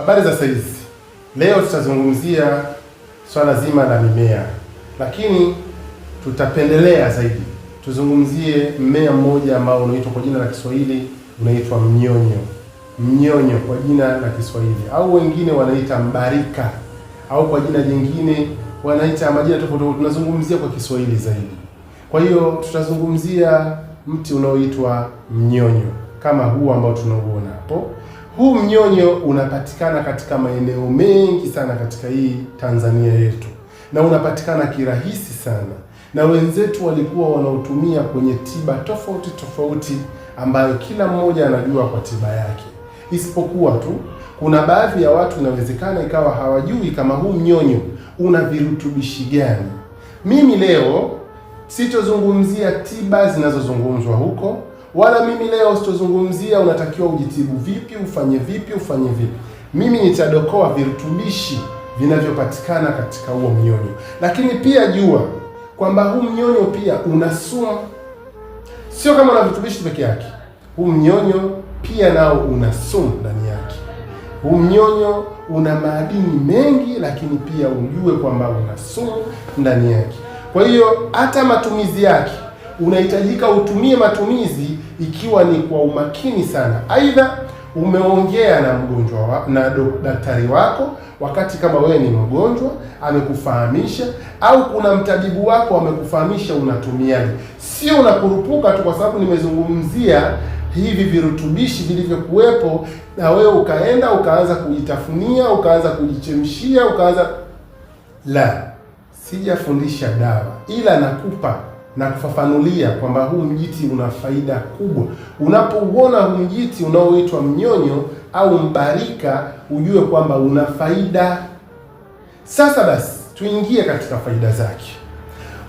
Habari za saizi. Leo tutazungumzia swala zima la mimea, lakini tutapendelea zaidi tuzungumzie mmea mmoja ambao unaitwa kwa jina la Kiswahili unaitwa mnyonyo. Mnyonyo kwa jina la Kiswahili au wengine wanaita mbarika au kwa jina jingine wanaita majina tofauti, tunazungumzia kwa Kiswahili zaidi. Kwa hiyo tutazungumzia mti unaoitwa mnyonyo kama huu ambao tunauona hapo huu mnyonyo unapatikana katika maeneo mengi sana katika hii Tanzania yetu, na unapatikana kirahisi sana, na wenzetu walikuwa wanaotumia kwenye tiba tofauti tofauti, ambayo kila mmoja anajua kwa tiba yake, isipokuwa tu kuna baadhi ya watu inawezekana ikawa hawajui kama huu mnyonyo una virutubishi gani. Mimi leo sitozungumzia tiba zinazozungumzwa huko wala mimi leo sitozungumzia unatakiwa ujitibu vipi, ufanye vipi, ufanye vipi. Mimi nitadokoa virutubishi vinavyopatikana katika huo mnyonyo, lakini pia jua kwamba huu mnyonyo pia una sumu, sio kama una virutubishi peke yake. Huu mnyonyo pia nao una sumu ndani yake. Huu mnyonyo una maadini mengi, lakini pia ujue kwamba una sumu ndani yake. Kwa hiyo hata matumizi yake unahitajika utumie matumizi ikiwa ni kwa umakini sana. Aidha, umeongea na mgonjwa wa, na daktari wako wakati kama wewe ni mgonjwa amekufahamisha, au kuna mtabibu wako amekufahamisha unatumiaje, sio unakurupuka tu, kwa sababu nimezungumzia hivi virutubishi vilivyokuwepo, na wewe ukaenda ukaanza kujitafunia ukaanza kujichemshia ukaanza. La, sijafundisha dawa, ila nakupa na kufafanulia kwamba huu mjiti una faida kubwa. Unapouona huu mjiti unaoitwa mnyonyo au mbarika, ujue kwamba una faida. Sasa basi, tuingie katika faida zake.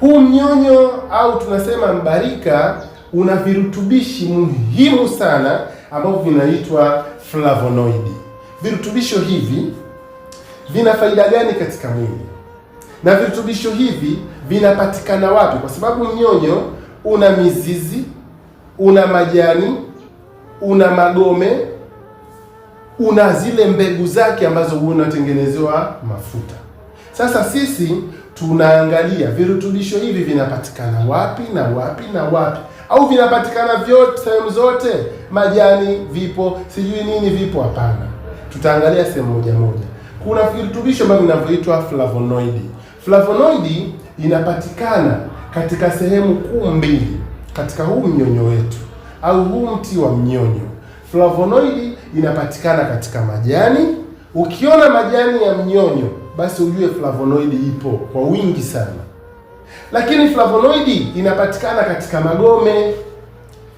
Huu mnyonyo au tunasema mbarika una virutubishi muhimu sana ambavyo vinaitwa flavonoidi. Virutubisho hivi vina faida gani katika mwili? Na virutubisho hivi vinapatikana wapi? Kwa sababu mnyonyo una mizizi, una majani, una magome, una zile mbegu zake ambazo unatengenezewa mafuta. Sasa sisi tunaangalia virutubisho hivi vinapatikana wapi na wapi na wapi, au vinapatikana vyote sehemu zote? Majani vipo, sijui nini vipo? Hapana, tutaangalia sehemu moja moja. Kuna virutubisho ambavyo vinavyoitwa flavonoidi. Flavonoidi inapatikana katika sehemu kuu mbili katika huu mnyonyo wetu au huu mti wa mnyonyo. Flavonoidi inapatikana katika majani. Ukiona majani ya mnyonyo, basi ujue flavonoidi ipo kwa wingi sana. Lakini flavonoidi inapatikana katika magome,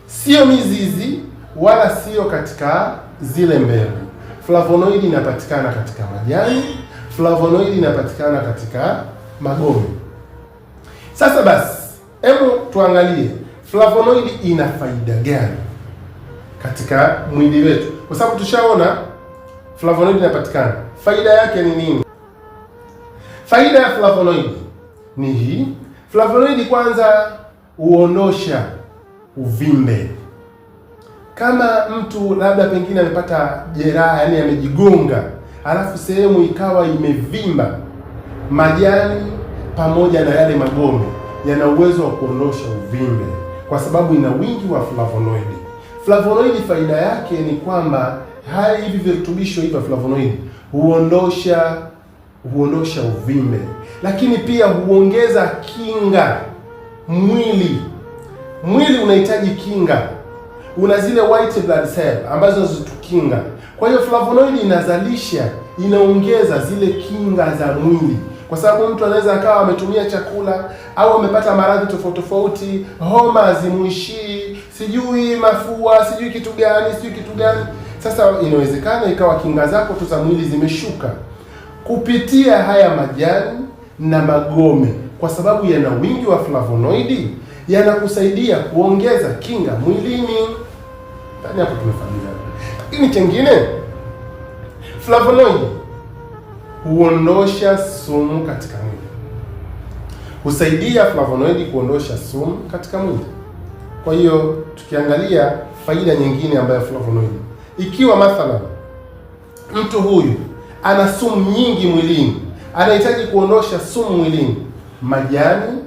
sio mizizi wala sio katika zile mbegu. Flavonoidi inapatikana katika majani, flavonoidi inapatikana katika magome. Sasa basi, hebu tuangalie flavonoid ina faida gani katika mwili wetu, kwa sababu tushaona flavonoid inapatikana. Faida yake ni nini? Faida ya flavonoid ni hii. Flavonoid kwanza huondosha uvimbe. Kama mtu labda pengine amepata jeraha, yani amejigonga, alafu sehemu ikawa imevimba, majani pamoja na yale magome yana uwezo wa kuondosha uvimbe, kwa sababu ina wingi wa flavonoidi. Flavonoidi faida yake ni kwamba haya hivi virutubisho hivi vya flavonoidi huondosha huondosha uvimbe, lakini pia huongeza kinga mwili. Mwili unahitaji kinga, una zile white blood cell ambazo zitukinga. Kwa hiyo flavonoidi inazalisha, inaongeza zile kinga za mwili kwa sababu mtu anaweza akawa ametumia chakula au amepata maradhi tofauti tofauti, homa hazimuishii, sijui mafua, sijui kitu gani, sijui kitu gani. Sasa inawezekana ikawa kinga zako tu za mwili zimeshuka kupitia haya majani na magome, kwa sababu yana wingi wa flavonoidi, yanakusaidia kuongeza kinga mwilini. Ndani hapo tumefahamiana. Lakini chengine flavonoidi huondosha sumu katika mwili, husaidia flavonoidi kuondosha sumu katika mwili. Kwa hiyo tukiangalia faida nyingine ambayo flavonoidi, ikiwa mathalan mtu huyu ana sumu nyingi mwilini, anahitaji kuondosha sumu mwilini, majani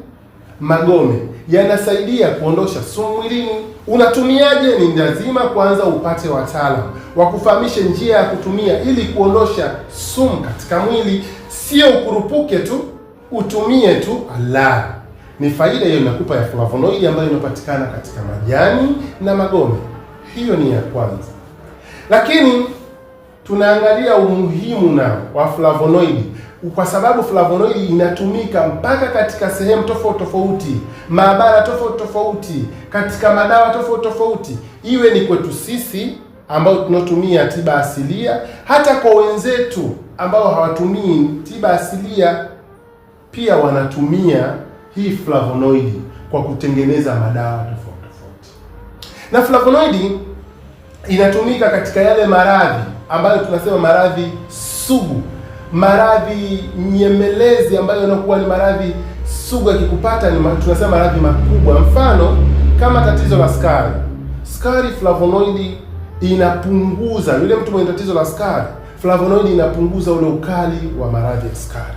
magome yanasaidia kuondosha sumu mwilini. Unatumiaje? Ni lazima kwanza upate wataalamu wakufahamishe njia ya kutumia ili kuondosha sumu katika mwili, sio ukurupuke tu utumie tu. Ala, ni faida hiyo inakupa ya flavonoidi ambayo inapatikana katika majani na magome. Hiyo ni ya kwanza, lakini tunaangalia umuhimu nao wa flavonoidi kwa sababu flavonoid inatumika mpaka katika sehemu tofauti tofauti, maabara tofauti tofauti, katika madawa tofauti tofauti, iwe ni kwetu sisi ambao tunaotumia tiba asilia, hata kwa wenzetu ambao hawatumii tiba asilia, pia wanatumia hii flavonoid kwa kutengeneza madawa tofauti tofauti. Na flavonoid inatumika katika yale maradhi ambayo tunasema maradhi sugu maradhi nyemelezi ambayo yanakuwa ni maradhi sugu, yakikupata ni tunasema maradhi makubwa. Mfano kama tatizo la sukari, sukari flavonoidi inapunguza yule mtu mwenye tatizo la sukari, flavonoidi inapunguza ule ukali wa maradhi ya sukari.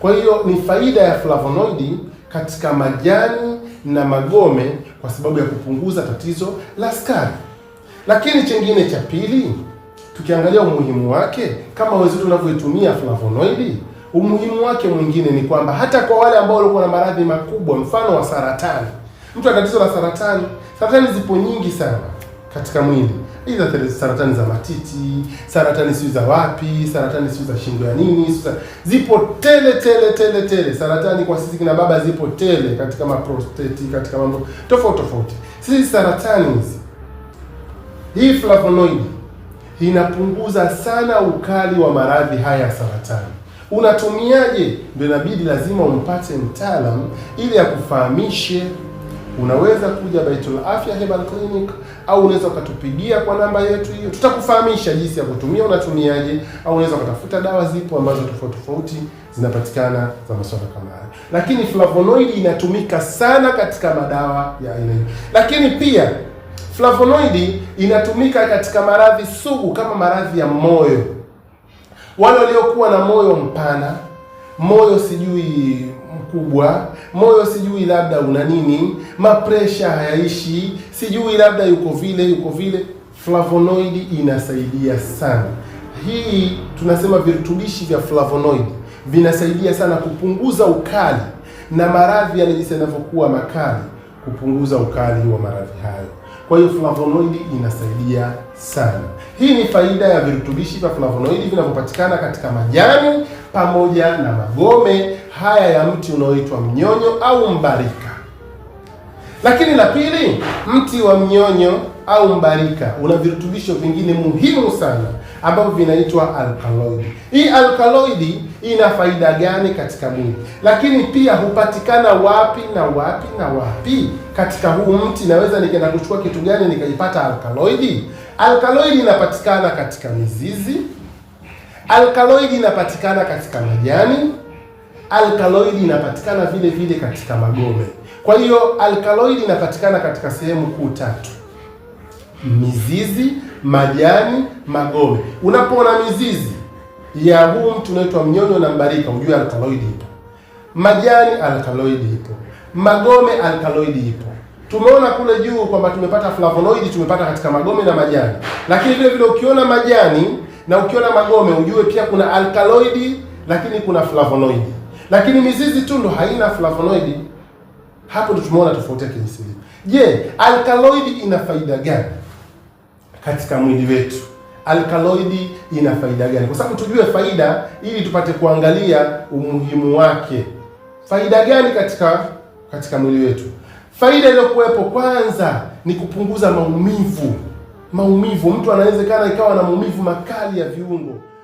Kwa hiyo ni faida ya flavonoidi katika majani na magome kwa sababu ya kupunguza tatizo la sukari. Lakini chengine cha pili tukiangalia umuhimu wake kama wenzetu unavyoitumia flavonoidi, umuhimu wake mwingine ni kwamba hata kwa wale ambao walikuwa na maradhi makubwa, mfano wa saratani. Mtu ana tatizo la saratani, saratani zipo nyingi sana katika mwili, aidha saratani za matiti, saratani si za wapi, saratani sijui za shingo ya nini, zipo tele tele tele tele. Saratani kwa sisi kina baba zipo tele, katika maprostati, katika mambo tofauti tofauti. Sisi saratani hizi, hii flavonoidi inapunguza sana ukali wa maradhi haya ya saratani. Unatumiaje? Ndio inabidi lazima umpate mtaalamu ili akufahamishe. Unaweza kuja Baitul Afya Herbal Clinic au unaweza ukatupigia kwa namba yetu hiyo, tutakufahamisha jinsi ya kutumia, unatumiaje, au unaweza ukatafuta dawa, zipo ambazo tofauti tofauti zinapatikana za masuala kama haya. Lakini flavonoid inatumika sana katika madawa ya aina hiyo, lakini pia Flavonoidi inatumika katika maradhi sugu kama maradhi ya moyo, wale waliokuwa na moyo mpana, moyo sijui mkubwa, moyo sijui labda una nini, mapresha hayaishi, sijui labda yuko vile yuko vile. Flavonoidi inasaidia sana hii, tunasema virutubishi vya flavonoidi vinasaidia sana kupunguza ukali na maradhi yale jinsi yanavyokuwa makali, kupunguza ukali wa maradhi hayo. Kwa hiyo flavonoidi inasaidia sana. Hii ni faida ya virutubishi vya flavonoidi vinavyopatikana katika majani pamoja na magome haya ya mti unaoitwa mnyonyo au mbarika. Lakini la pili, mti wa mnyonyo au mbarika una virutubisho vingine muhimu sana ambavyo vinaitwa alkaloidi. Hii alkaloidi ina faida gani katika mwili, lakini pia hupatikana wapi na wapi na wapi katika huu mti. Naweza nikaenda kuchukua kitu gani nikaipata alkaloidi? Alkaloidi inapatikana katika mizizi, alkaloidi inapatikana katika majani, alkaloidi inapatikana vile vile katika magome. Kwa hiyo alkaloidi inapatikana katika sehemu kuu tatu: mizizi, majani, magome. Unapoona mizizi ya huu mtu unaitwa mnyonyo na mbarika, ujue alkaloidi ipo, majani alkaloidi ipo, magome alkaloidi ipo. Tumeona kule juu kwamba tumepata flavonoidi, tumepata katika magome na majani, lakini vile vile ukiona majani na ukiona magome ujue pia kuna alkaloidi, lakini kuna flavonoidi. Lakini mizizi tu ndo haina flavonoidi. Hapo ndo tumeona tofauti ya kiasili. Je, alkaloidi ina faida gani katika mwili wetu? alkaloidi ina faida gani? Kwa sababu tujue faida ili tupate kuangalia umuhimu wake, faida gani katika katika mwili wetu. Faida iliyokuwepo kwanza ni kupunguza maumivu. Maumivu, mtu anawezekana ikawa na maumivu makali ya viungo.